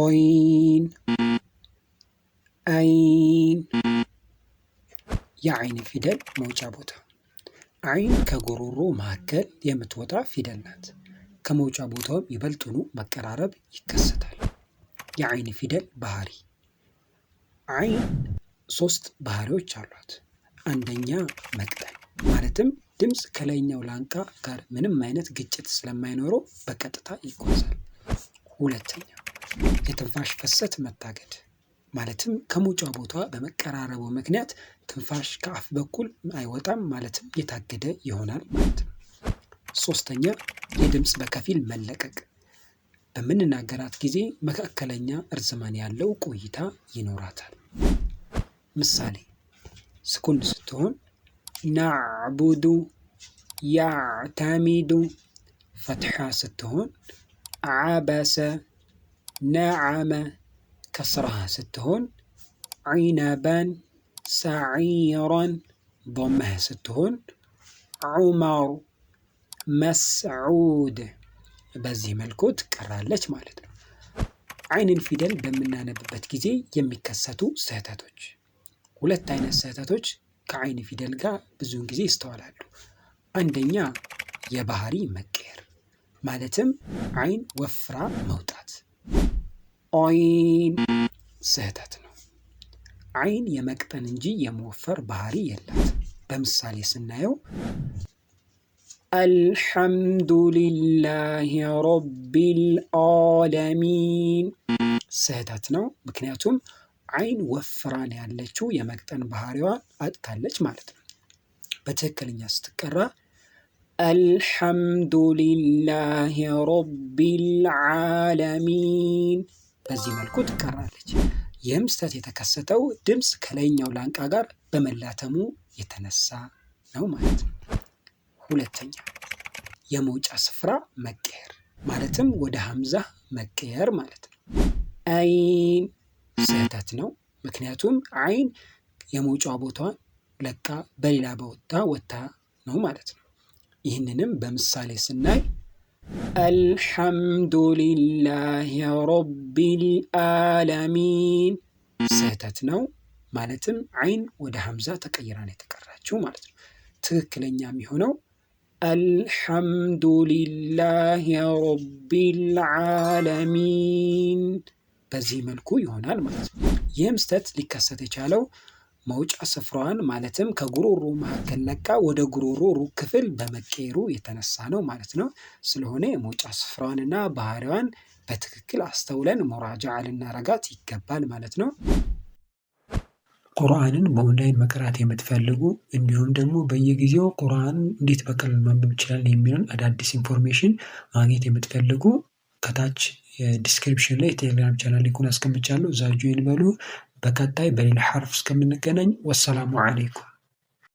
ኦይን አይን የአይን ፊደል መውጫ ቦታ። አይን ከጉሮሮ መካከል የምትወጣ ፊደል ናት። ከመውጫ ቦታውም ይበልጡኑ መቀራረብ ይከሰታል። የአይን ፊደል ባህሪ አይን ሶስት ባህሪዎች አሏት። አንደኛ መቅጠል ማለትም ድምፅ ከላይኛው ላንቃ ጋር ምንም አይነት ግጭት ስለማይኖረው በቀጥታ ይጓዛል። ሁለተኛ የትንፋሽ ፍሰት መታገድ ማለትም ከመውጫ ቦታ በመቀራረቡ ምክንያት ትንፋሽ ከአፍ በኩል አይወጣም ማለትም የታገደ ይሆናል ማለት ነው። ሶስተኛ የድምፅ በከፊል መለቀቅ በምንናገራት ጊዜ መካከለኛ እርዝማን ያለው ቆይታ ይኖራታል። ምሳሌ ስኩን ስትሆን ናዕቡዱ ያዕተሚዱ፣ ፈትሓ ስትሆን ዓበሰ ነዓመ ከስራህ ስትሆን ዒነበን ሰዒረን ዶመህ ስትሆን ዑመሩ መስዑድ በዚህ መልኩ ትቀራለች ማለት ነው። አይንን ፊደል በምናነብበት ጊዜ የሚከሰቱ ስህተቶች ሁለት አይነት ስህተቶች ከአይን ፊደል ጋር ብዙውን ጊዜ ይስተዋላሉ። አንደኛ የባህሪ መቀየር ማለትም አይን ወፍራ መውጣት ኦይን ስህተት ነው። አይን የመቅጠን እንጂ የመወፈር ባህሪ የላት። በምሳሌ ስናየው አልሐምዱ ረቢል ዓለሚን ስህተት ነው። ምክንያቱም አይን ወፍራን ያለችው የመቅጠን ባህሪዋን አጥታለች ማለት ነው። በትክክለኛ ስትቀራ አልሐምዱ ረቢል ዓለሚን በዚህ መልኩ ትቀራለች። ይህም ስህተት የተከሰተው ድምፅ ከላይኛው ላንቃ ጋር በመላተሙ የተነሳ ነው ማለት ነው። ሁለተኛ የመውጫ ስፍራ መቀየር ማለትም ወደ ሀምዛ መቀየር ማለት ነው። አይን ስህተት ነው። ምክንያቱም አይን የመውጫ ቦታዋን ለቃ በሌላ ቦታ ወታ ነው ማለት ነው። ይህንንም በምሳሌ ስናይ አልሐምዱሊላህ ረቢል ዓለሚን ስህተት ነው። ማለትም አይን ወደ ሐምዛ ተቀይራ ነው የተቀራችው ማለት ነው። ትክክለኛ የሚሆነው አልሐምዱሊላህ ረቢል ዓለሚን በዚህ መልኩ ይሆናል ማለት ነው። ይህም ስህተት ሊከሰት የቻለው መውጫ ስፍራዋን ማለትም ከጉሮሮ መካከል ለቃ ወደ ጉሮሮ ሩቅ ክፍል በመቀየሩ የተነሳ ነው ማለት ነው። ስለሆነ የመውጫ ስፍራዋንና ባህሪዋን በትክክል አስተውለን መራጃዓ ልናረጋት ይገባል ማለት ነው። ቁርአንን በኦንላይን መቅራት የምትፈልጉ እንዲሁም ደግሞ በየጊዜው ቁርአን እንዴት በቀላሉ ማንበብ ይችላል የሚለውን አዳዲስ ኢንፎርሜሽን ማግኘት የምትፈልጉ ከታች ዲስክሪፕሽን ላይ ቴሌግራም ሊኩን አስቀምጫለሁ። እዛ ጆይን በሉ። በቀጣይ በሌላ ሐርፍ እስከምንገናኝ ወሰላሙ አሌይኩም።